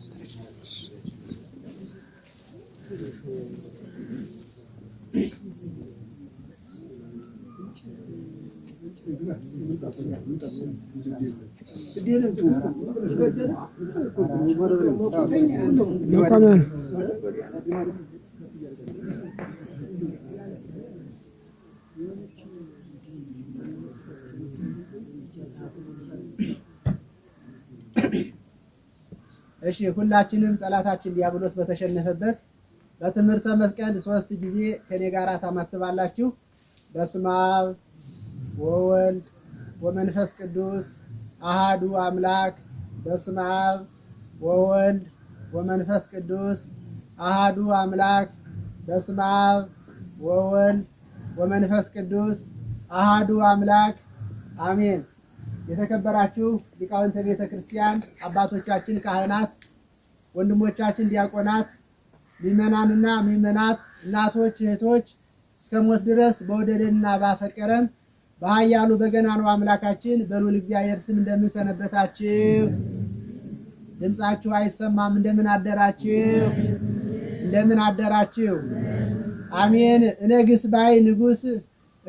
que Thank you. እሺ ሁላችንም ጠላታችን ዲያብሎስ በተሸነፈበት በትምህርተ መስቀል ሶስት ጊዜ ከኔ ጋር ታማትባላችሁ። በስመ አብ ወወልድ ወመንፈስ ቅዱስ አሃዱ አምላክ። በስመ አብ ወወልድ ወመንፈስ ቅዱስ አሃዱ አምላክ። በስመ አብ ወወልድ ወመንፈስ ቅዱስ አሃዱ አምላክ አሜን። የተከበራችሁ ሊቃውንተ ቤተ ክርስቲያን አባቶቻችን ካህናት፣ ወንድሞቻችን ዲያቆናት፣ ሚመናንና ሚመናት እናቶች፣ እህቶች እስከ ሞት ድረስ በወደደንና ባፈቀረን በኃያሉ ነው አምላካችን በሉል እግዚአብሔር ስም እንደምን ሰነበታችሁ? ድምፃችሁ አይሰማም። እንደምን አደራችሁ? እንደምን አደራችሁ? አሜን። እነግስ ባይ ንጉስ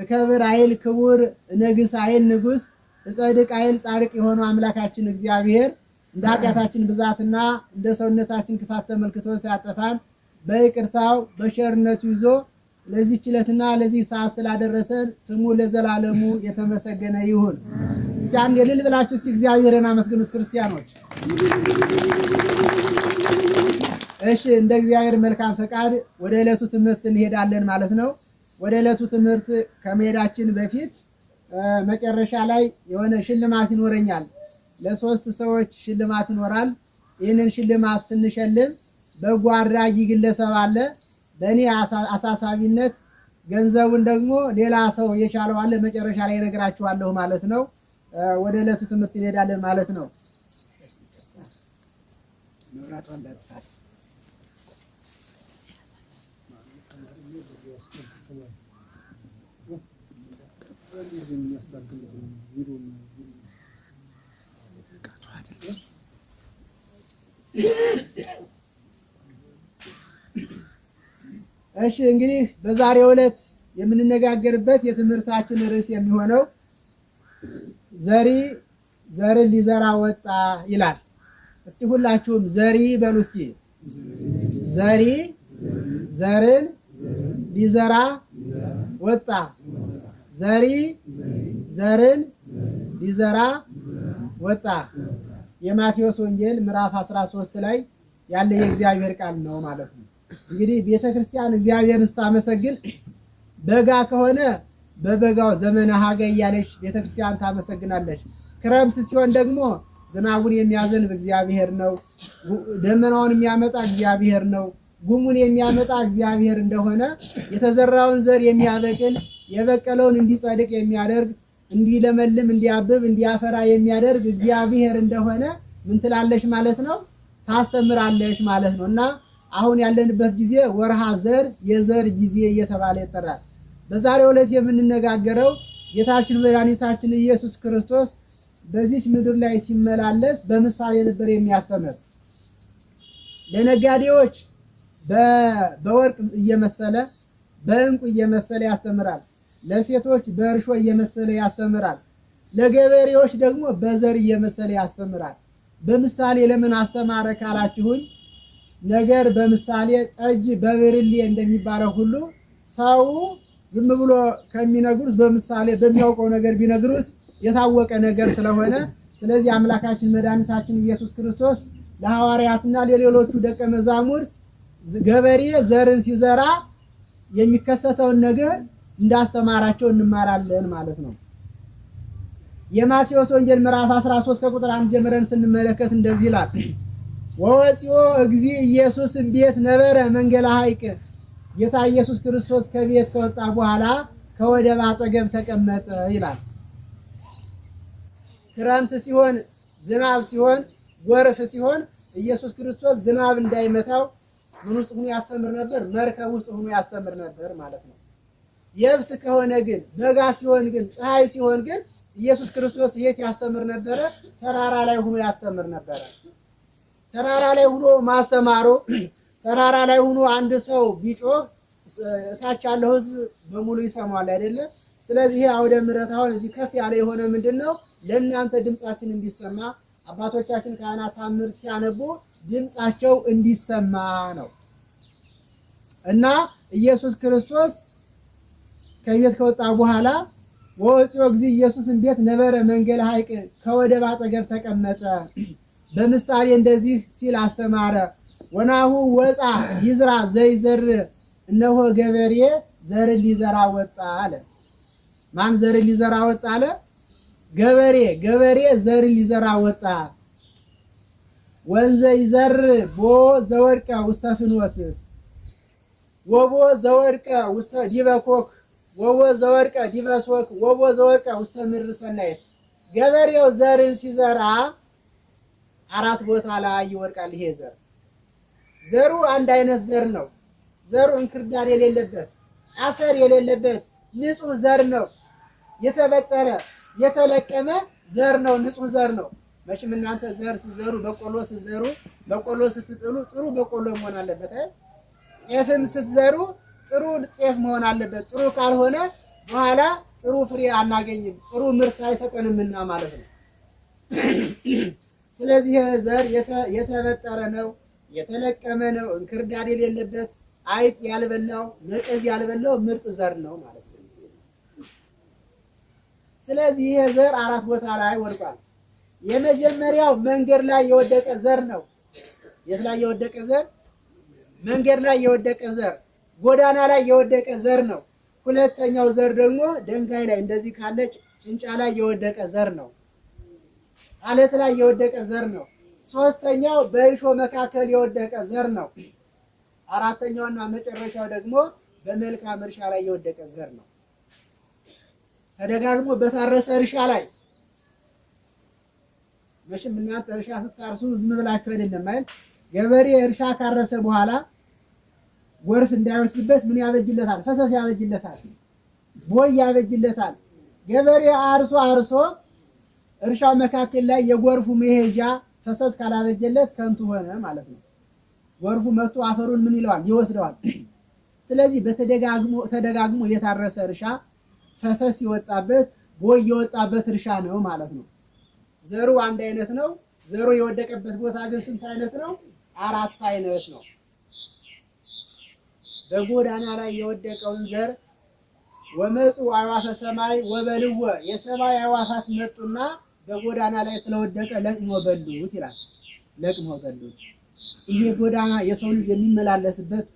እከብር አይል ክቡር እነግስ አይል ንጉስ እጸድቅ አይል ጻድቅ የሆነው አምላካችን እግዚአብሔር እንደ ኃጢአታችን ብዛትና እንደ ሰውነታችን ክፋት ተመልክቶ ሲያጠፋን በይቅርታው በሸርነቱ ይዞ ለዚህ ችለትና ለዚህ ሰዓት ስላደረሰን ስሙ ለዘላለሙ የተመሰገነ ይሁን። እስኪ አንድ የልል ብላችሁ እስኪ እግዚአብሔርን አመስግኑት ክርስቲያኖች። እሺ እንደ እግዚአብሔር መልካም ፈቃድ ወደ ዕለቱ ትምህርት እንሄዳለን ማለት ነው። ወደ ዕለቱ ትምህርት ከመሄዳችን በፊት መጨረሻ ላይ የሆነ ሽልማት ይኖረኛል። ለሶስት ሰዎች ሽልማት ይኖራል። ይህንን ሽልማት ስንሸልም በጎ አድራጊ ግለሰብ አለ። በእኔ አሳሳቢነት ገንዘቡን ደግሞ ሌላ ሰው የቻለው አለ። መጨረሻ ላይ ነግራችኋለሁ ማለት ነው። ወደ ዕለቱ ትምህርት እንሄዳለን ማለት ነው። እሺ እንግዲህ በዛሬው ዕለት የምንነጋገርበት የትምህርታችን ርዕስ የሚሆነው ዘሪ ዘርን ሊዘራ ወጣ ይላል። እስኪ ሁላችሁም ዘሪ በሉ። እስኪ ዘሪ ዘርን ሊዘራ ወጣ ዘሪ ዘርን ሊዘራ ወጣ። የማቴዎስ ወንጌል ምዕራፍ 13 ላይ ያለ የእግዚአብሔር ቃል ነው ማለት ነው። እንግዲህ ቤተክርስቲያን እግዚአብሔርን ስታመሰግን በጋ ከሆነ በበጋው ዘመነ ሀገ እያለች ቤተክርስቲያን ታመሰግናለች። ክረምት ሲሆን ደግሞ ዝናቡን የሚያዘንብ እግዚአብሔር ነው፣ ደመናውን የሚያመጣ እግዚአብሔር ነው፣ ጉሙን የሚያመጣ እግዚአብሔር እንደሆነ የተዘራውን ዘር የሚያበቅል የበቀለውን እንዲጸድቅ የሚያደርግ እንዲለመልም፣ እንዲያብብ፣ እንዲያፈራ የሚያደርግ እግዚአብሔር እንደሆነ ምን ትላለሽ ማለት ነው ታስተምራለሽ ማለት ነው። እና አሁን ያለንበት ጊዜ ወርሃ ዘር የዘር ጊዜ እየተባለ ይጠራል። በዛሬ ዕለት የምንነጋገረው ጌታችን መድኃኒታችን ኢየሱስ ክርስቶስ በዚች ምድር ላይ ሲመላለስ በምሳሌ ነበር የሚያስተምር። ለነጋዴዎች በወርቅ እየመሰለ በእንቁ እየመሰለ ያስተምራል። ለሴቶች በእርሾ እየመሰለ ያስተምራል፣ ለገበሬዎች ደግሞ በዘር እየመሰለ ያስተምራል። በምሳሌ ለምን አስተማረ ካላችሁኝ፣ ነገር በምሳሌ ጠጅ በብርሌ እንደሚባለው ሁሉ ሰው ዝም ብሎ ከሚነግሩት በምሳሌ በሚያውቀው ነገር ቢነግሩት የታወቀ ነገር ስለሆነ ስለዚህ አምላካችን መድኃኒታችን ኢየሱስ ክርስቶስ ለሐዋርያትና ለሌሎቹ ደቀ መዛሙርት ገበሬ ዘርን ሲዘራ የሚከሰተውን ነገር እንዳስተማራቸው እንማራለን ማለት ነው። የማቴዎስ ወንጌል ምዕራፍ 13 ከቁጥር 1 ጀምረን ስንመለከት እንደዚህ ይላል። ወወፂኦ እግዚ ኢየሱስ እምቤት ነበረ መንገለ ሐይቅ። ጌታ ኢየሱስ ክርስቶስ ከቤት ከወጣ በኋላ ከወደብ አጠገብ ተቀመጠ ይላል። ክረምት ሲሆን፣ ዝናብ ሲሆን፣ ጎርፍ ሲሆን ኢየሱስ ክርስቶስ ዝናብ እንዳይመታው ምን ውስጥ ሆኖ ያስተምር ነበር? መርከብ ውስጥ ሆኖ ያስተምር ነበር ማለት ነው። የብስ ከሆነ ግን በጋ ሲሆን ግን ፀሐይ ሲሆን ግን ኢየሱስ ክርስቶስ የት ያስተምር ነበረ? ተራራ ላይ ሆኖ ያስተምር ነበረ። ተራራ ላይ ሆኖ ማስተማሩ ተራራ ላይ ሆኖ አንድ ሰው ቢጮህ እታች ያለው ሕዝብ በሙሉ ይሰማል አይደለ? ስለዚህ አውደ ምሕረት አሁን እዚህ ከፍ ያለ የሆነ ምንድን ነው? ለእናንተ ድምጻችን እንዲሰማ አባቶቻችን ካህናት ታምር ሲያነቡ ድምጻቸው እንዲሰማ ነው እና ኢየሱስ ክርስቶስ ከቤት ከወጣ በኋላ ወፂኦ ጊዜ ኢየሱስ እንዴት ነበረ መንገል ሀይቅ ከወደብ አጠገብ ተቀመጠ። በምሳሌ እንደዚህ ሲል አስተማረ። ወናሁ ወፃ ይዝራ ዘይዘር፣ እነሆ ገበሬ ዘር ሊዘራ ወጣ አለ። ማን ዘር ሊዘራ ወጣ አለ? ገበሬ። ገበሬ ዘር ሊዘራ ወጣ። ወንዘ ይዘር ቦ ዘወድቀ ውስተ ፍኖት ወቦ ዘወድቀ ውስተ ዲበኮክ ወቦ ዘወድቀ ዲበ ወቦ ዘወድቀ ውስተ ምድር ሰናየት። ገበሬው ዘርን ሲዘራ አራት ቦታ ላይ ይወድቃል። ይሄ ዘር ዘሩ አንድ አይነት ዘር ነው። ዘሩ እንክርዳድ የሌለበት አሰር የሌለበት ንጹህ ዘር ነው። የተበጠረ የተለቀመ ዘር ነው። ንጹህ ዘር ነው። መቼም እናንተ ዘር ስትዘሩ በቆሎ ስዘሩ በቆሎ ስትጥሉ ጥሩ በቆሎ መሆን አለበት። ጤፍም ስትዘሩ ጥሩ ጤፍ መሆን አለበት። ጥሩ ካልሆነ በኋላ ጥሩ ፍሬ አናገኝም፣ ጥሩ ምርት አይሰጠንምና ማለት ነው። ስለዚህ ዘር የተበጠረ ነው፣ የተለቀመ ነው፣ እንክርዳድ የሌለበት አይጥ ያልበላው መቀዝ ያልበላው ምርጥ ዘር ነው ማለት ነው። ስለዚህ ይሄ ዘር አራት ቦታ ላይ ወድቋል። የመጀመሪያው መንገድ ላይ የወደቀ ዘር ነው። የት ላይ የወደቀ ዘር? መንገድ ላይ የወደቀ ዘር ጎዳና ላይ የወደቀ ዘር ነው። ሁለተኛው ዘር ደግሞ ድንጋይ ላይ እንደዚህ ካለ ጭንጫ ላይ የወደቀ ዘር ነው። አለት ላይ የወደቀ ዘር ነው። ሶስተኛው በእሾ መካከል የወደቀ ዘር ነው። አራተኛውና መጨረሻው ደግሞ በመልካም እርሻ ላይ የወደቀ ዘር ነው። ተደጋግሞ በታረሰ እርሻ ላይ መቼም እናንተ እርሻ ስታርሱ ዝም ብላችሁ አይደለም አይደል? ገበሬ እርሻ ካረሰ በኋላ ጎርፍ እንዳይወስድበት ምን ያበጅለታል? ፈሰስ ያበጅለታል፣ ቦይ ያበጅለታል። ገበሬ አርሶ አርሶ እርሻ መካከል ላይ የጎርፉ መሄጃ ፈሰስ ካላበጀለት ከንቱ ሆነ ማለት ነው። ጎርፉ መጥቶ አፈሩን ምን ይለዋል? ይወስደዋል። ስለዚህ በተደጋግሞ ተደጋግሞ የታረሰ እርሻ ፈሰስ የወጣበት ቦይ የወጣበት እርሻ ነው ማለት ነው። ዘሩ አንድ አይነት ነው። ዘሩ የወደቀበት ቦታ ግን ስንት አይነት ነው? አራት አይነት ነው። በጎዳና ላይ የወደቀውን ዘር ወመፁ አዕዋፈ ሰማይ ወበልወ የሰማይ አዕዋፋት መጡና በጎዳና ላይ ስለወደቀ ለቅሞ በሉት ይላል። ለቅሞ በሉት። ይሄ ጎዳና የሰው ልጅ የሚመላለስበት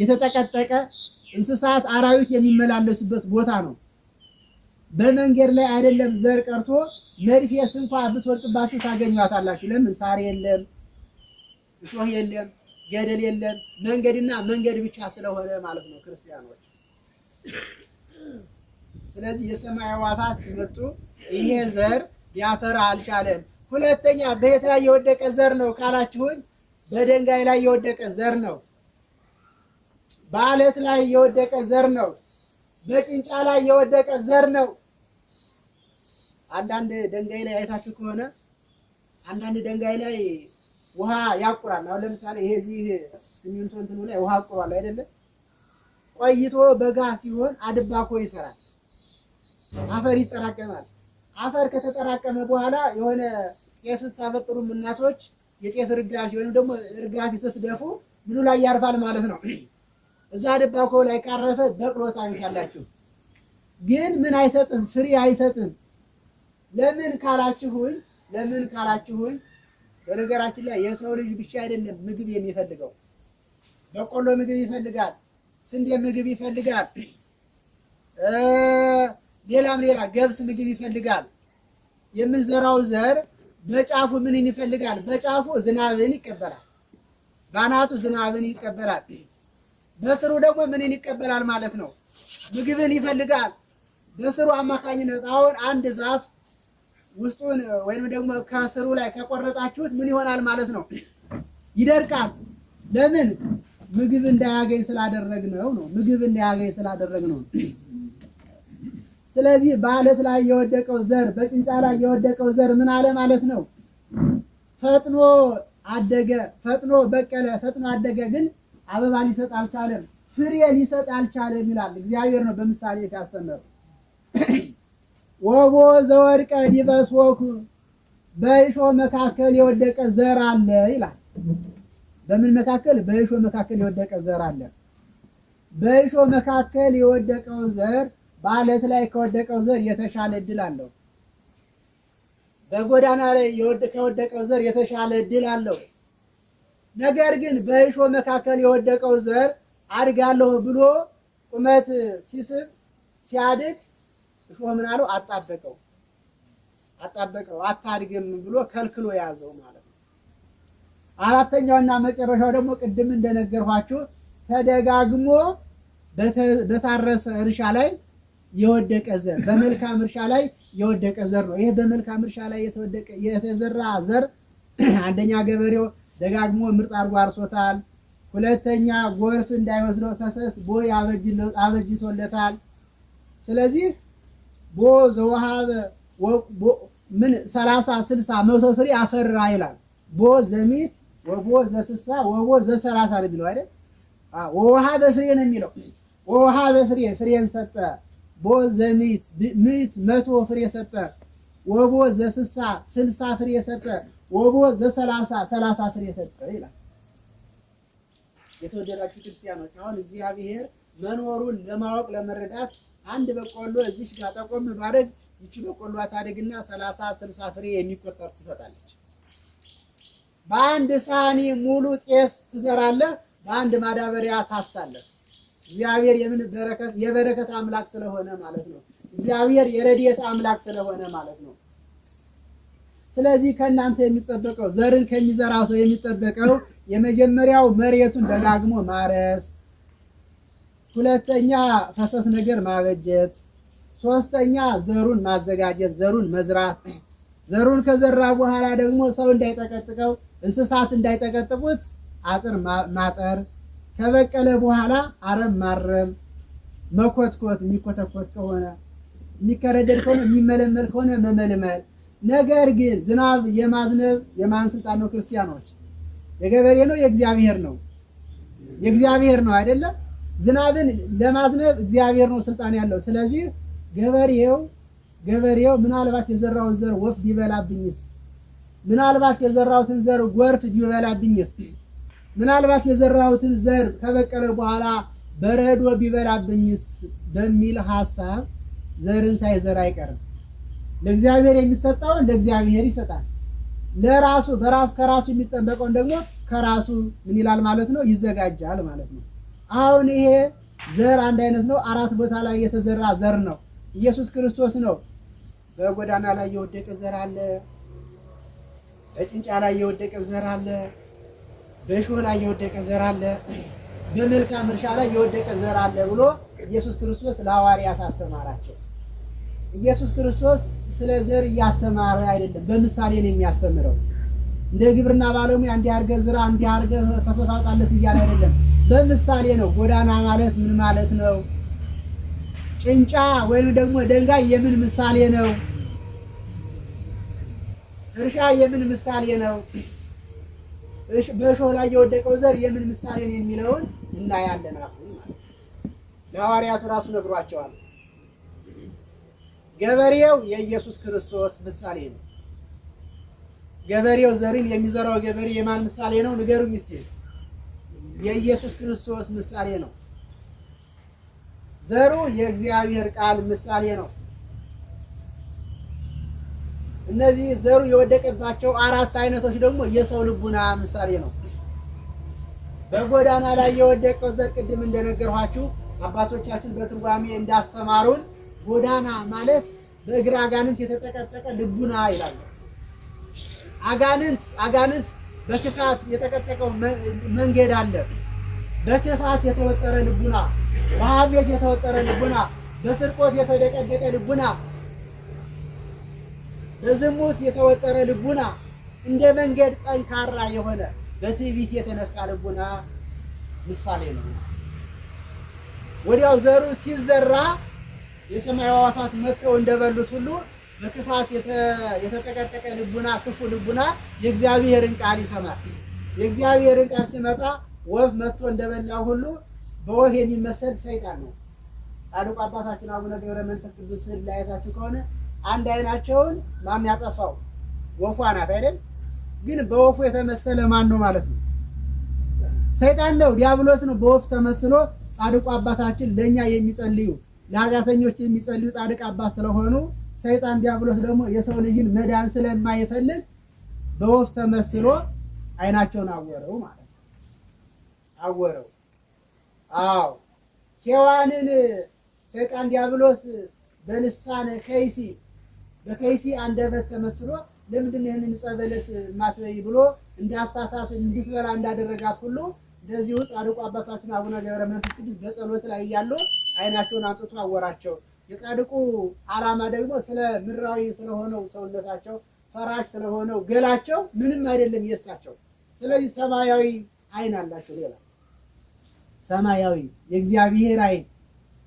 የተጠቀጠቀ እንስሳት፣ አራዊት የሚመላለሱበት ቦታ ነው። በመንገድ ላይ አይደለም ዘር ቀርቶ መድፌስ እንኳ ብትወድቅባችሁ ታገኟታላችሁ። ለምን ሳር የለም፣ እሾህ የለም። ገደል የለም፣ መንገድና መንገድ ብቻ ስለሆነ ማለት ነው ክርስቲያኖች። ስለዚህ የሰማይ አዕዋፋት ሲመጡ ይሄ ዘር ሊያፈራ አልቻለም። ሁለተኛ በየት ላይ የወደቀ ዘር ነው ካላችሁን፣ በድንጋይ ላይ የወደቀ ዘር ነው። በአለት ላይ የወደቀ ዘር ነው። በጭንጫ ላይ የወደቀ ዘር ነው። አንዳንድ ድንጋይ ላይ አይታችሁ ከሆነ አንዳንድ ድንጋይ ላይ ውሃ ያቁራል። አሁን ለምሳሌ ይሄ እዚህ ሲሚንቶ እንትኑ ላይ ውሃ አቁሯል አይደለ? ቆይቶ በጋ ሲሆን አድባኮ ይሰራል፣ አፈር ይጠራቀማል። አፈር ከተጠራቀመ በኋላ የሆነ ጤፍ ስታበጥሩም እናቶች የጤፍ እርጋፊ ወይም ደግሞ እርጋፊ ስትደፉ ምኑ ላይ ያርፋል ማለት ነው። እዛ አድባኮ ላይ ካረፈ በቅሎ ታንሻላችሁ። ግን ምን አይሰጥም፣ ፍሬ አይሰጥም። ለምን ካላችሁኝ፣ ለምን ካላችሁኝ በነገራችን ላይ የሰው ልጅ ብቻ አይደለም ምግብ የሚፈልገው። በቆሎ ምግብ ይፈልጋል፣ ስንዴ ምግብ ይፈልጋል፣ ሌላም ሌላ ገብስ ምግብ ይፈልጋል። የምንዘራው ዘር በጫፉ ምንን ይፈልጋል? በጫፉ ዝናብን ይቀበላል፣ በአናቱ ዝናብን ይቀበላል። በስሩ ደግሞ ምንን ይቀበላል ማለት ነው? ምግብን ይፈልጋል። በስሩ አማካኝነት አሁን አንድ ዛፍ ውስጡን ወይም ደግሞ ከስሩ ላይ ከቆረጣችሁት ምን ይሆናል ማለት ነው? ይደርቃል። ለምን? ምግብ እንዳያገኝ ስላደረግነው ነው። ምግብ እንዳያገኝ ስላደረግነው ነው። ስለዚህ በአለት ላይ የወደቀው ዘር፣ በጭንጫ ላይ የወደቀው ዘር ምን አለ ማለት ነው? ፈጥኖ አደገ፣ ፈጥኖ በቀለ፣ ፈጥኖ አደገ። ግን አበባ ሊሰጥ አልቻለም፣ ፍሬ ሊሰጥ አልቻለም ይላል። እግዚአብሔር ነው በምሳሌ ያስተምረው። ወቦ ዘወድቀ ዲበ ሶኩ በእሾ መካከል የወደቀ ዘር አለ ይላል። በምን መካከል? በእሾ መካከል የወደቀ ዘር አለ። በእሾ መካከል የወደቀው ዘር በአለት ላይ ከወደቀው ዘር የተሻለ እድል አለው። በጎዳና ላይ ከወደቀው ዘር የተሻለ እድል አለው። ነገር ግን በእሾ መካከል የወደቀው ዘር አድጋለሁ ብሎ ቁመት ሲስብ ሲያድግ እሾህ ምን አለው? አጣበቀው አጣበቀው አታድግም ብሎ ከልክሎ የያዘው ማለት ነው። አራተኛውና መጨረሻው ደግሞ ቅድም እንደነገርኋችሁ ተደጋግሞ በታረሰ እርሻ ላይ የወደቀ ዘር በመልካም እርሻ ላይ የወደቀ ዘር ነው። ይሄ በመልካም እርሻ ላይ የተወደቀ የተዘራ ዘር አንደኛ ገበሬው ደጋግሞ ምርጥ አድርጎ አርሶታል። ሁለተኛ ጎርፍ እንዳይወስደው ፈሰስ ቦይ አበጅቶለታል። ስለዚህ ቦ ዘወሃበ ምን ሰላሳ ስልሳ መቶ ፍሬ አፈራ ይላል። ቦ ዘሚት ወቦ ዘስልሳ ወቦ ዘሰላሳ ነው የሚለው አይደል? ወወሃበ ፍሬ ነው የሚለው። ወወሃበ ፍሬ ፍሬን ሰጠ። ቦ ዘሚት ምት መቶ ፍሬ ሰጠ። ወቦ ዘስልሳ ስልሳ ፍሬ ሰጠ። ወቦ ዘሰላሳ ሰላሳ ፍሬ ሰጠ ይላል። የተወደዳችሁ ክርስቲያኖች አሁን እግዚአብሔር መኖሩን ለማወቅ ለመረዳት አንድ በቆሎ እዚች ጋር ጠቆም ማድረግ ይቺ በቆሎ ታደግና ሰላሳ ስልሳ ፍሬ የሚቆጠር ትሰጣለች። በአንድ ሳኒ ሙሉ ጤፍ ትዘራለህ፣ በአንድ ማዳበሪያ ታፍሳለህ። እግዚአብሔር የምን በረከት የበረከት አምላክ ስለሆነ ማለት ነው። እግዚአብሔር የረድኤት አምላክ ስለሆነ ማለት ነው። ስለዚህ ከእናንተ የሚጠበቀው ዘርን ከሚዘራ ሰው የሚጠበቀው የመጀመሪያው መሬቱን ደጋግሞ ማረስ ሁለተኛ ፈሰስ ነገር ማበጀት፣ ሶስተኛ ዘሩን ማዘጋጀት፣ ዘሩን መዝራት። ዘሩን ከዘራ በኋላ ደግሞ ሰው እንዳይጠቀጥቀው እንስሳት እንዳይጠቀጥቁት አጥር ማጠር፣ ከበቀለ በኋላ አረም ማረም፣ መኮትኮት፣ የሚኮተኮት ከሆነ የሚከረደድ ከሆነ የሚመለመል ከሆነ መመልመል። ነገር ግን ዝናብ የማዝነብ የማን ስልጣን ነው? ክርስቲያኖች። የገበሬ ነው? የእግዚአብሔር ነው። የእግዚአብሔር ነው አይደለም ዝናብን ለማዝነብ እግዚአብሔር ነው ስልጣን ያለው። ስለዚህ ገበሬው ገበሬው ምናልባት የዘራውን ዘር ወፍ ቢበላብኝስ፣ ምናልባት የዘራሁትን ዘር ጎርፍ ቢበላብኝስ፣ ምናልባት የዘራሁትን ዘር ከበቀለ በኋላ በረዶ ቢበላብኝስ በሚል ሀሳብ ዘርን ሳይዘራ አይቀርም። ለእግዚአብሔር የሚሰጠውን ለእግዚአብሔር ይሰጣል። ለራሱ በራሱ ከራሱ የሚጠበቀውን ደግሞ ከራሱ ምን ይላል ማለት ነው ይዘጋጃል ማለት ነው። አሁን ይሄ ዘር አንድ አይነት ነው። አራት ቦታ ላይ የተዘራ ዘር ነው። ኢየሱስ ክርስቶስ ነው። በጎዳና ላይ የወደቀ ዘር አለ። በጭንጫ ላይ የወደቀ ዘር አለ። በእሾህ ላይ የወደቀ ዘር አለ። በመልካም እርሻ ላይ የወደቀ ዘር አለ ብሎ ኢየሱስ ክርስቶስ ለሐዋርያት አስተማራቸው። ኢየሱስ ክርስቶስ ስለ ዘር እያስተማረ አይደለም፣ በምሳሌ ነው የሚያስተምረው። እንደ ግብርና ባለሙያ እንዲያርገ ዝራ፣ እንዲህ አድርገህ እያለ አይደለም በምሳሌ ነው። ጎዳና ማለት ምን ማለት ነው? ጭንጫ ወይም ደግሞ ደንጋይ የምን ምሳሌ ነው? እርሻ የምን ምሳሌ ነው? በእሾህ ላይ የወደቀው ዘር የምን ምሳሌ ነው የሚለውን እናያለን። አሁን ማለት ለሐዋርያቱ ራሱ ነግሯቸዋል። ገበሬው የኢየሱስ ክርስቶስ ምሳሌ ነው። ገበሬው ዘርን የሚዘራው ገበሬ የማን ምሳሌ ነው? ንገሩኝ እስኪ። የኢየሱስ ክርስቶስ ምሳሌ ነው። ዘሩ የእግዚአብሔር ቃል ምሳሌ ነው። እነዚህ ዘሩ የወደቀባቸው አራት አይነቶች ደግሞ የሰው ልቡና ምሳሌ ነው። በጎዳና ላይ የወደቀው ዘር ቅድም እንደነገርኋችሁ አባቶቻችን በትርጓሜ እንዳስተማሩን ጎዳና ማለት በእግር አጋንንት የተጠቀጠቀ ልቡና ይላሉ። አጋንንት አጋንንት በክፋት የተቀጠቀው መንገድ አለ። በክፋት የተወጠረ ልቡና፣ በሐሜት የተወጠረ ልቡና፣ በስርቆት የተደቀደቀ ልቡና፣ በዝሙት የተወጠረ ልቡና እንደ መንገድ ጠንካራ የሆነ በትዕቢት የተነፋ ልቡና ምሳሌ ነው። ወዲያው ዘሩ ሲዘራ የሰማይ አዕዋፋት መጥተው እንደበሉት ሁሉ በክፋት የተጠቀጠቀ ልቡና፣ ክፉ ልቡና የእግዚአብሔርን ቃል ይሰማል። የእግዚአብሔርን ቃል ሲመጣ ወፍ መጥቶ እንደበላ ሁሉ በወፍ የሚመሰል ሰይጣን ነው። ጻድቁ አባታችን አቡነ ገብረ መንፈስ ቅዱስ ስዕል ላይ አይታችሁ ከሆነ አንድ አይናቸውን ማን ያጠፋው? ወፏ ናት አይደል? ግን በወፉ የተመሰለ ማን ነው ማለት ነው? ሰይጣን ነው፣ ዲያብሎስ ነው። በወፍ ተመስሎ ጻድቁ አባታችን ለእኛ የሚጸልዩ ለኃጢአተኞች የሚጸልዩ ጻድቅ አባት ስለሆኑ ሰይጣን ዲያብሎስ ደግሞ የሰው ልጅን መዳን ስለማይፈልግ በወፍ ተመስሎ አይናቸውን አወረው ማለት ነው። አወረው። አዎ ሔዋንን ሰይጣን ዲያብሎስ በልሳነ ከይሲ በከይሲ አንደበት ተመስሎ ለምንድን ነው ይህንን ዕፀ በለስ ማትበይ ብሎ እንዳሳታት እንድትበላ እንዳደረጋት ሁሉ እንደዚሁ ጻድቁ አባታችን አቡነ ገብረ መንፈስ ቅዱስ በጸሎት ላይ እያሉ አይናቸውን አንጥቶ አወራቸው። የጻድቁ ዓላማ ደግሞ ስለ ምድራዊ ስለሆነው ሰውነታቸው ፈራሽ ስለሆነው ገላቸው ምንም አይደለም የእሳቸው። ስለዚህ ሰማያዊ አይን አላቸው። ሌላ ሰማያዊ የእግዚአብሔር አይን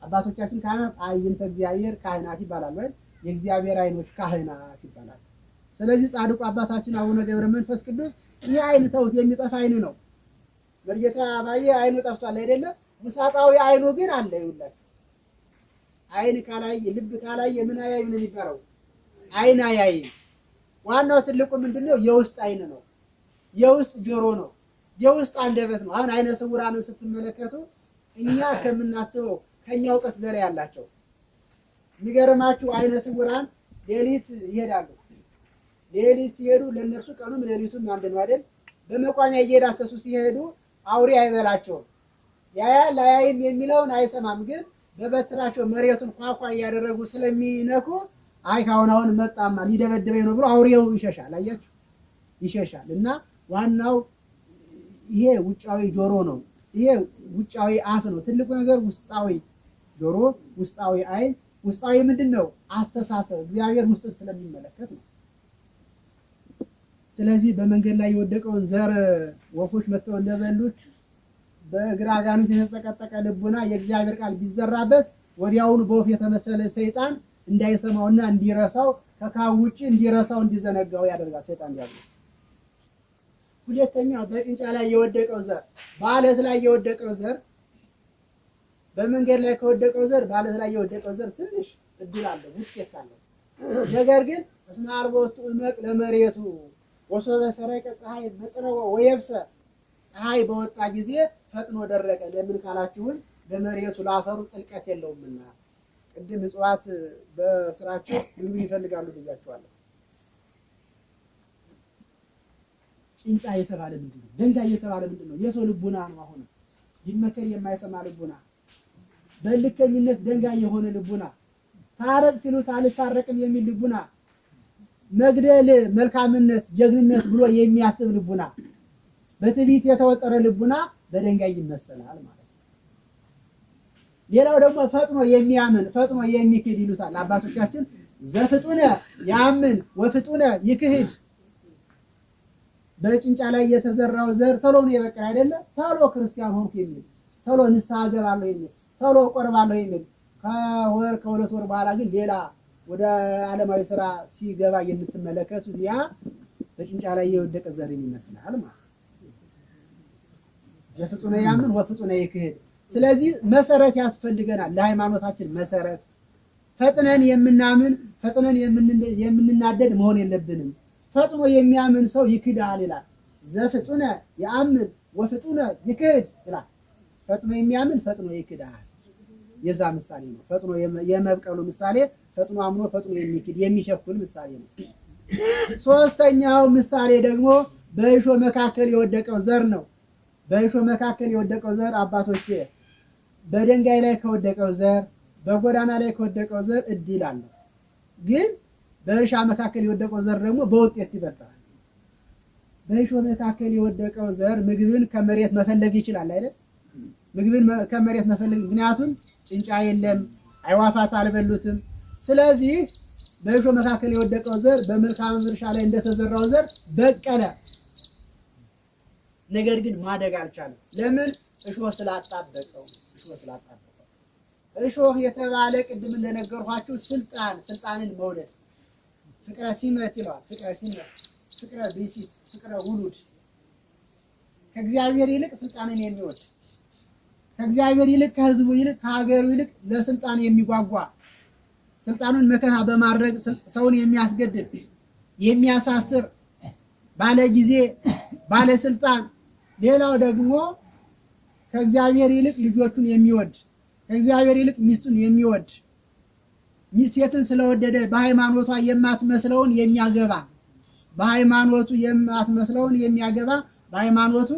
አባቶቻችን ካህናት አይንተ እግዚአብሔር ካህናት ይባላል ወይ የእግዚአብሔር አይኖች ካህናት ይባላል። ስለዚህ ጻድቁ አባታችን አቡነ ገብረ መንፈስ ቅዱስ ይህ አይን ተውት፣ የሚጠፋ አይን ነው። መርጌታ ባየ አይኑ ጠፍቷል አይደለም። ውሳጣዊ አይኑ ግን አለ ይውላችሁ አይን ካላየ ልብ ካላየ ምን አያይ ነው የሚባለው? አይን አያይም። ዋናው ትልቁ ምንድን ነው? የውስጥ አይን ነው፣ የውስጥ ጆሮ ነው፣ የውስጥ አንደበት ነው። አሁን አይነ ስውራንን ስትመለከቱ እኛ ከምናስበው ከኛ እውቀት በላይ ያላቸው የሚገርማችሁ አይነ ስውራን ሌሊት ይሄዳሉ። ሌሊት ሲሄዱ ለእነርሱ ቀኑም ሌሊቱም አንድ ነው አይደል? በመቋሚያ እየዳሰሱ ሲሄዱ አውሬ አይበላቸውም። ያያ ላያይም የሚለውን አይሰማም ግን በበትራቸው መሬቱን ኳኳ እያደረጉ ስለሚነኩ አይ ካሁን አሁን መጣማ ሊደበድበኝ ነው ብሎ አውሬው ይሸሻል። አያችሁ ይሸሻል። እና ዋናው ይሄ ውጫዊ ጆሮ ነው። ይሄ ውጫዊ አፍ ነው። ትልቁ ነገር ውስጣዊ ጆሮ፣ ውስጣዊ አይን። ውስጣዊ ምንድን ነው? አስተሳሰብ እግዚአብሔር ውስጥ ስለሚመለከት ነው። ስለዚህ በመንገድ ላይ የወደቀውን ዘር ወፎች መጥተው እንደበሉት በእግር አጋንንት የተጠቀጠቀ ልቡና የእግዚአብሔር ቃል ቢዘራበት ወዲያውኑ በወፍ የተመሰለ ሰይጣን እንዳይሰማውና እንዲረሳው ከካው ውጭ እንዲረሳው እንዲዘነጋው ያደርጋል። ሰይጣን ዲያብሎስ። ሁለተኛው በጭንጫ ላይ የወደቀው ዘር፣ በአለት ላይ የወደቀው ዘር፣ በመንገድ ላይ ከወደቀው ዘር በአለት ላይ የወደቀው ዘር ትንሽ እድል አለው፣ ውጤት አለው። ነገር ግን እስመ አልቦ እመቅ ለመሬቱ ወሶበ ሰረቀ ፀሐይ መጽረወ ወየብሰ ፀሐይ በወጣ ጊዜ ፈጥኖ ደረቀ። ለምን ካላችሁን ለመሬቱ ለአፈሩ ጥልቀት የለውምና። ቅድም እጽዋት በስራቸው ምግብ ይፈልጋሉ ብያቸዋለሁ። ጭንጫ እየተባለ ምንድን ነው? ደንጋ እየተባለ ምንድን ነው? የሰው ልቡና ነው። አሁን ይመከር የማይሰማ ልቡና፣ በልከኝነት ደንጋ የሆነ ልቡና፣ ታረቅ ሲሉት አልታረቅም የሚል ልቡና፣ መግደል መልካምነት ጀግንነት ብሎ የሚያስብ ልቡና፣ በትዕቢት የተወጠረ ልቡና በድንጋይ ይመሰላል ማለት ነው። ሌላው ደግሞ ፈጥኖ የሚያምን ፈጥኖ የሚክድ ይሉታል አባቶቻችን። ዘፍጡነ ያምን ወፍጡነ ይክህድ። በጭንጫ ላይ የተዘራው ዘር ተሎ ነው የበቀለ አይደለ? ተሎ ክርስቲያን ሆንኩ የሚል ተሎ ንስሐ ገባለሁ የሚል ተሎ ቆርባለሁ የሚል ከወር ከሁለት ወር በኋላ ግን ሌላ ወደ ዓለማዊ ስራ ሲገባ የምትመለከቱት ያ በጭንጫ ላይ የወደቀ ዘር ይመስላል ማለት ዘፍጡነ ያምን ወፍጡነ ይክህድ። ስለዚህ መሰረት ያስፈልገናል። ለሃይማኖታችን መሰረት ፈጥነን የምናምን ፈጥነን የምንናደድ መሆን የለብንም። ፈጥኖ የሚያምን ሰው ይክዳል ይላል። ዘፍጡነ የአምን ወፍጡነ ይክህድ ይላል። ፈጥኖ የሚያምን ፈጥኖ ይክዳል። የዛ ምሳሌ ነው። ፈጥኖ የመብቀሉ ምሳሌ ፈጥኖ አምኖ ፈጥኖ የሚክድ የሚሸኩል ምሳሌ ነው። ሶስተኛው ምሳሌ ደግሞ በእሾህ መካከል የወደቀው ዘር ነው። በእሾህ መካከል የወደቀው ዘር አባቶቼ በድንጋይ ላይ ከወደቀው ዘር በጎዳና ላይ ከወደቀው ዘር እድል ይላሉ። ግን በእርሻ መካከል የወደቀው ዘር ደግሞ በውጤት ይበልጣል። በእሾህ መካከል የወደቀው ዘር ምግብን ከመሬት መፈለግ ይችላል አይደል? ምግብን ከመሬት መፈለግ ምክንያቱም ጭንጫ የለም፣ አይዋፋት አልበሉትም። ስለዚህ በእሾህ መካከል የወደቀው ዘር በመልካም እርሻ ላይ እንደተዘራው ዘር በቀለ። ነገር ግን ማደግ አልቻለም። ለምን? እሾህ ስላጣበቀው እሾህ ስላጣበቀው። እሾህ የተባለ ቅድም እንደነገርኋችሁ ስልጣን ስልጣንን መውለድ ፍቅረ ሲመት ይለዋል። ፍቅረ ሲመት፣ ፍቅረ ብእሲት፣ ፍቅረ ውሉድ ከእግዚአብሔር ይልቅ ስልጣንን የሚወድ ከእግዚአብሔር ይልቅ ከህዝቡ ይልቅ ከሀገሩ ይልቅ ለስልጣን የሚጓጓ ስልጣኑን መከራ በማድረግ ሰውን የሚያስገድል የሚያሳስር ባለ ጊዜ ባለስልጣን ሌላው ደግሞ ከእግዚአብሔር ይልቅ ልጆቹን የሚወድ ከእግዚአብሔር ይልቅ ሚስቱን የሚወድ ሴትን ስለወደደ በሃይማኖቷ የማትመስለውን የሚያገባ በሃይማኖቱ የማትመስለውን የሚያገባ በሃይማኖቱ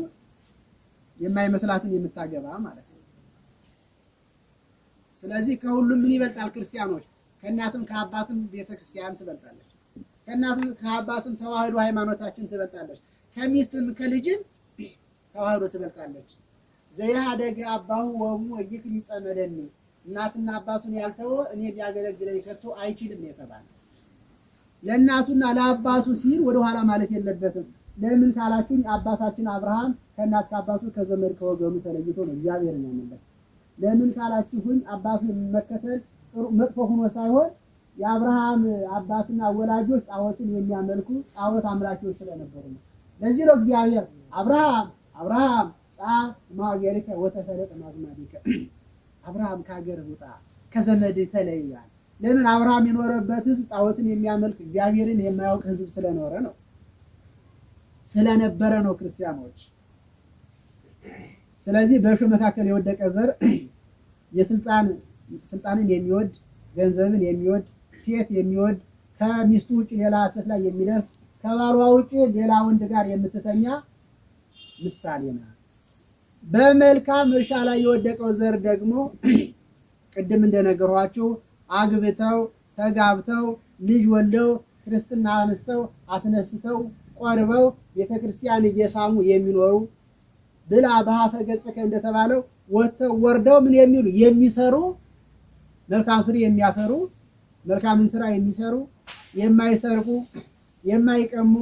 የማይመስላትን የምታገባ ማለት ነው። ስለዚህ ከሁሉም ምን ይበልጣል? ክርስቲያኖች ከእናትም ከአባትም ቤተክርስቲያን ትበልጣለች። ከእናትም ከአባትም ተዋህዶ ሃይማኖታችን ትበልጣለች። ከሚስትም ከልጅም ተዋህዶ ትበልጣለች። ዘያደግ አባሁ ወሙ ይክል ይጸመደኒ እናትና አባቱን ያልተወ እኔ ሊያገለግለኝ ከቶ አይችልም የተባለ ለእናቱና ለአባቱ ሲል ወደኋላ ማለት የለበትም። ለምን ካላችሁኝ አባታችን አብርሃም ከእናት ከአባቱ ከዘመድ ከወገኑ ተለይቶ ነው እግዚአብሔር ነው ለምን ካላችሁኝ አባቱን መከተል መጥፎ ሆኖ ሳይሆን የአብርሃም አባትና ወላጆች ጣዖትን የሚያመልኩ ጣዖት አምላኪዎች ስለነበሩ ነው። ለዚህ ነው እግዚአብሔር አብርሃም አብርሃም ጻ ማገሪከ ወተፈለጥ ማዝማዲከ አብርሃም ከሀገር ውጣ ከዘመድህ ተለይያል። ለምን አብርሃም የኖረበት ህዝብ ጣዖትን የሚያመልክ እግዚአብሔርን የማያውቅ ህዝብ ስለኖረ ነው ስለነበረ ነው ክርስቲያኖች። ስለዚህ በእሾህ መካከል የወደቀ ዘር ስልጣንን የሚወድ ገንዘብን የሚወድ ሴት የሚወድ ከሚስቱ ውጭ ሌላ ሴት ላይ የሚደርስ ከባሏ ውጭ ሌላ ወንድ ጋር የምትተኛ ምሳሌ ናት። በመልካም እርሻ ላይ የወደቀው ዘር ደግሞ ቅድም እንደነገሯችሁ አግብተው ተጋብተው ልጅ ወልደው ክርስትና አንስተው አስነስተው ቆርበው ቤተ ክርስቲያን እየሳሙ የሚኖሩ ብላ በሀፈ ገጽከ እንደተባለው ወጥተው ወርደው ምን የሚሉ የሚሰሩ መልካም ፍሬ የሚያፈሩ መልካምን ስራ የሚሰሩ የማይሰርቁ፣ የማይቀሙ፣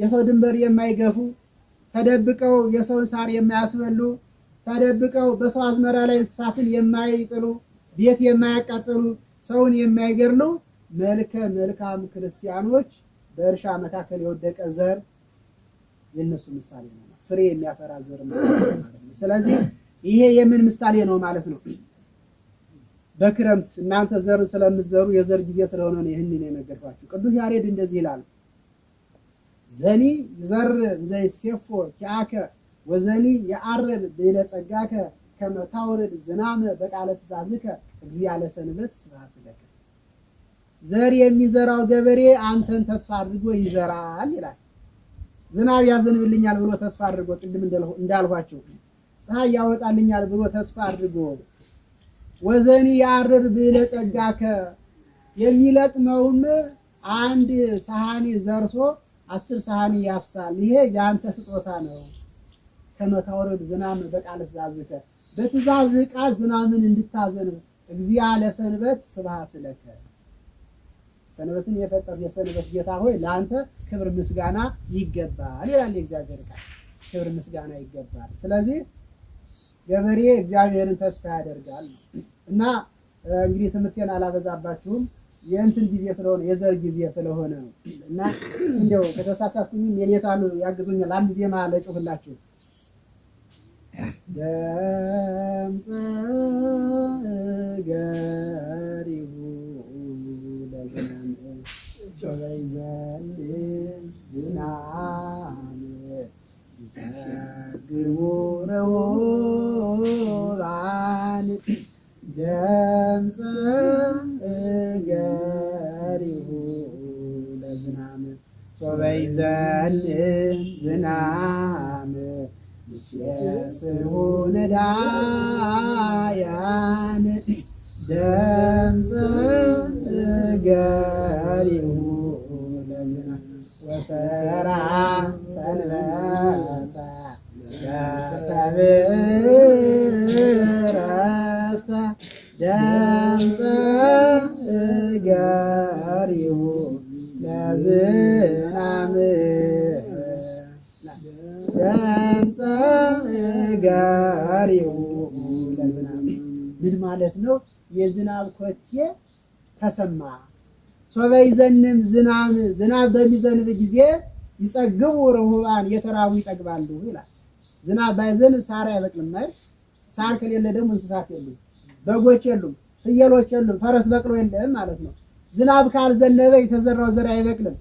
የሰው ድንበር የማይገፉ ተደብቀው የሰውን ሳር የማያስበሉ ተደብቀው በሰው አዝመራ ላይ እንስሳትን የማይጥሉ ቤት የማያቃጥሉ ሰውን የማይገድሉ መልከ መልካም ክርስቲያኖች በእርሻ መካከል የወደቀ ዘር የነሱ ምሳሌ ነው። ፍሬ የሚያፈራ ዘር ምሳሌ ማለት ነው። ስለዚህ ይሄ የምን ምሳሌ ነው ማለት ነው? በክረምት እናንተ ዘር ስለምትዘሩ የዘር ጊዜ ስለሆነ ነው ይህንን የነገርኳችሁ። ቅዱስ ያሬድ እንደዚህ ይላል። ዘኒ ይዘርእ ዘይሴፎ ኪአከ ወዘኒ የአርብ ብይለጸጋከ ከመ ታውርድ ዝናመ በቃለ ትእዛዝከ እግዚአ ለሰንበት ስብሐት ለከ። ዘር የሚዘራው ገበሬ አንተን ተስፋ አድርጎ ይዘራል ይላል። ዝናብ ያዘንብልኛል ብሎ ተስፋ አድርጎ ቅድም እንዳልኋቸው ፀሐይ ያወጣልኛል ብሎ ተስፋ አድርጎ ወዘኒ ብለ ብለጸጋከ የሚለቅመውም አንድ ሰሃኔ ዘርሶ አስር ሳህን ያፍሳል። ይሄ የአንተ ስጦታ ነው። ከመታወረድ ዝናም በቃለ ትዛዝከ በትዛዝ ቃል ዝናምን እንድታዘንብ እግዚአ ለሰንበት ስብሐት ለከ። ሰንበትን የፈጠር የሰንበት ጌታ ሆይ ለአንተ ክብር ምስጋና ይገባል ይላል የእግዚአብሔር ቃል። ክብር ምስጋና ይገባል። ስለዚህ ገበሬ እግዚአብሔርን ተስፋ ያደርጋል እና እንግዲህ ትምህርቴን አላበዛባችሁም። የእንትን ጊዜ ስለሆነ የዘር ጊዜ ስለሆነ ነው። እና እንደው ከተሳሳትኩኝም የኔታን ያግዙኛል። አንድ ዜማ ለጩህላችሁ ደምጽ ለዘመን ገምፀ ገሪሁ ለዝናም ሶበይ ዘልም ዝናም ምስየስሁ ነዳያን ደምፀ ገሪሁ ለዝናም ወሰራ ሰንበታ ሰብእ ዳንፀ እጋሪሁ ለዝናምህ ዳንፀ እጋሪሁ ለዝናምህ ምን ማለት ነው? የዝናብ ኮቴ ተሰማ። ሶበይ ዘንም ዝናም ዝናብ በሚዘንብ ጊዜ ይጸግቡ ርሁባን የተራቡ ይጠግባሉ ይላል። ዝናብ ባይዘንብ ሳር አይበቅልም አይደል? ሳር ከሌለ ደግሞ እንስሳት የሉም። በጎች የሉም፣ ፍየሎች የሉም፣ ፈረስ በቅሎ የለም ማለት ነው። ዝናብ ካልዘነበ የተዘራው ዘር አይበቅልም።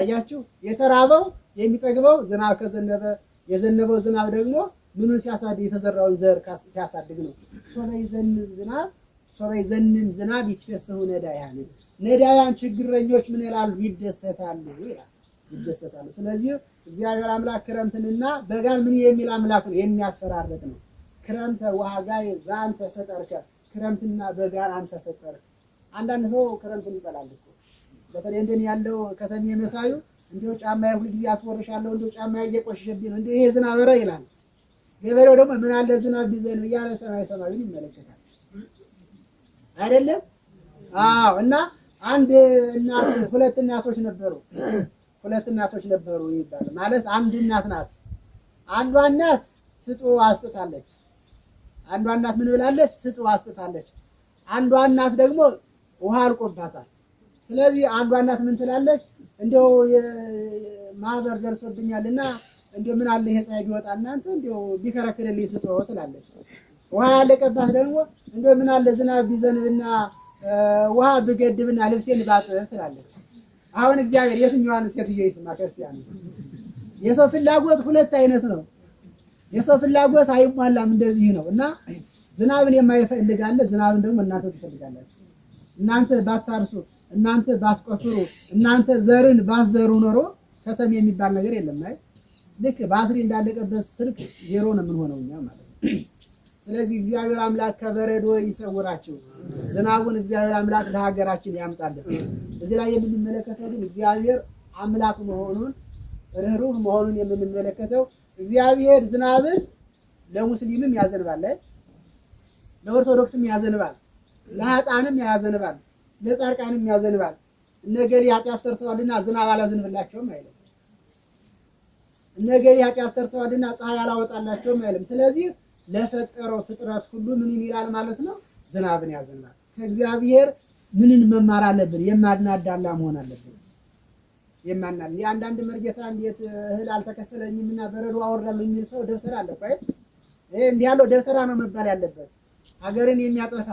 አያችሁ፣ የተራበው የሚጠግበው ዝናብ ከዘነበ፣ የዘነበው ዝናብ ደግሞ ምኑን ሲያሳድግ የተዘራውን ዘር ሲያሳድግ ነው። ሶበ ዘንም ዝናብ ሶበ ዘንም ዝናብ ይትፈሰሁ ነዳያን ነዳያን ችግረኞች ምን ይላሉ? ይደሰታሉ ይላል ይደሰታሉ። ስለዚህ እግዚአብሔር አምላክ ክረምትንና በጋን ምን የሚል አምላክ ነው? የሚያፈራርቅ ነው። ክረምተ ዋጋይ ዛንተ ፈጠርከ ክረምትና በጋ አንተ ፈጠርክ። አንዳንድ ሰው ክረምትን ይጠላል እኮ በተለይ እንደኔ ያለው ከተሜ መሳዩ እንዲሁ ጫማ ሁል ጊዜ አስወርሻለሁ እንዲሁ ጫማ እየቆሸሸብኝ ነው እንዲሁ ይሄ ዝናብ ኧረ ይላል። ገበሬው ደግሞ ምን አለ ዝናብ ቢዘንብ እያለ ሰማይ ሰማዩን ይመለከታል። አይደለም? አዎ። እና አንድ እናት ሁለት እናቶች ነበሩ ሁለት እናቶች ነበሩ ይባላል። ማለት አንድ እናት ናት። አንዷ እናት ስጡ አስጥታለች አንዷ እናት ምን ብላለች? ስጥ አስጥታለች። አንዷ እናት ደግሞ ውሃ አልቆባታል። ስለዚህ አንዷ እናት ምን ትላለች? እንደው ማህበር ደርሶብኛልና እንደ ምን አለ ይሄ ፀሐይ ቢወጣ እናንተ እንደው ቢከረክርልኝ ስጦ ትላለች። ውሃ ያለቀባት ደግሞ እንደ ምን አለ ዝናብ ቢዘንብና ውሃ ብገድብና ልብሴን ባጥብ ትላለች። አሁን እግዚአብሔር የትኛዋን ሴትዮ ይስማ? ክርስቲያን የሰው ፍላጎት ሁለት አይነት ነው። የሰው ፍላጎት አይሟላም። እንደዚህ ነው እና ዝናብን የማይፈልግ አለ። ዝናብን ደግሞ እናንተ ትፈልጋላችሁ። እናንተ ባታርሱ፣ እናንተ ባትቆፍሩ፣ እናንተ ዘርን ባትዘሩ ኖሮ ከተም የሚባል ነገር የለም። አይ ልክ ባትሪ እንዳለቀበት ስልክ ዜሮ ነው የምንሆነው እኛ ማለት ነው። ስለዚህ እግዚአብሔር አምላክ ከበረዶ ይሰውራችሁ። ዝናቡን እግዚአብሔር አምላክ ለሀገራችን ያምጣልን። እዚህ ላይ የምንመለከተው ግን እግዚአብሔር አምላክ መሆኑን ርኅሩህ መሆኑን የምንመለከተው እግዚአብሔር ዝናብን ለሙስሊምም ያዘንባል፣ ለኦርቶዶክስም ያዘንባል፣ ለሀጣንም ያዘንባል፣ ለጻርቃንም ያዘንባል። እነገሌ ኃጢአት ሰርተዋልና ዝናብ አላዘንብላቸውም አይልም። እነገሌ ኃጢአት ሰርተዋልና ፀሐይ አላወጣላቸውም አይልም። ስለዚህ ለፈጠረው ፍጥረት ሁሉ ምን ይላል ማለት ነው? ዝናብን ያዘንባል። ከእግዚአብሔር ምንን መማር አለብን? የማድናዳላ መሆን አለብን። የማናል የአንዳንድ መርጌታ እንዴት እህል አልተከፈለኝም እና በረዶ አወራም የሚል ሰው ደብተራ አለ እኮ አይደል? እንዲህ ያለው ደብተራ ነው መባል ያለበት። ሀገርን የሚያጠፋ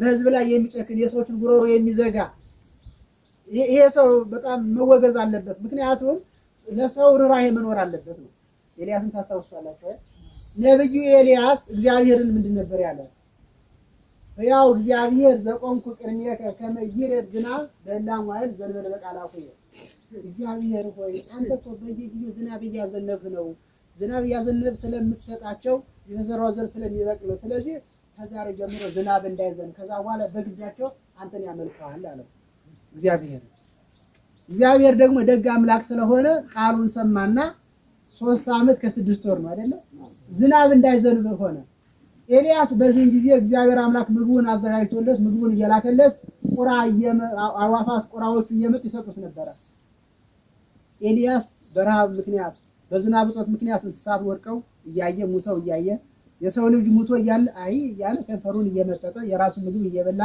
በህዝብ ላይ የሚጨክን የሰዎችን ጉሮሮ የሚዘጋ ይሄ ሰው በጣም መወገዝ አለበት። ምክንያቱም ለሰው ርኅራኄ መኖር አለበት ነው። ኤልያስን ታስታውሳላችሁ። ነብዩ ኤልያስ እግዚአብሔርን ምንድን ነበር ያለ? ያው እግዚአብሔር ዘቆምኩ ቅድሜከ ከመ ይሬድ ዝናብ በእላም ዋዕል ዘእንበለ በቃላኩ እግዚአብሔር ሆይ አንተ እኮ በየጊዜው ዝናብ እያዘነብህ ነው። ዝናብ እያዘነብ ስለምትሰጣቸው የተዘራው ዘር ስለሚበቅል ነው። ስለዚህ ከዛሬ ጀምሮ ዝናብ እንዳይዘን፣ ከዛ በኋላ በግዳቸው አንተን ያመልከዋል አለው እግዚአብሔር። እግዚአብሔር ደግሞ ደግ አምላክ ስለሆነ ቃሉን ሰማና ሶስት ዓመት ከስድስት ወር ነው አይደለ? ዝናብ እንዳይዘንብ ሆነ። ኤልያስ በዚህን ጊዜ እግዚአብሔር አምላክ ምግቡን አዘጋጅቶለት ምግቡን እየላከለት ቁራ አዋፋት ቁራዎቹ እየመጡ ይሰጡት ነበረ። ኤልያስ በረሃብ ምክንያት በዝናብ እጦት ምክንያት እንስሳት ወድቀው እያየ ሙተው እያየ የሰው ልጅ ሙቶ እያለ አይ እያለ ከንፈሩን እየመጠጠ የራሱን ምግብ እየበላ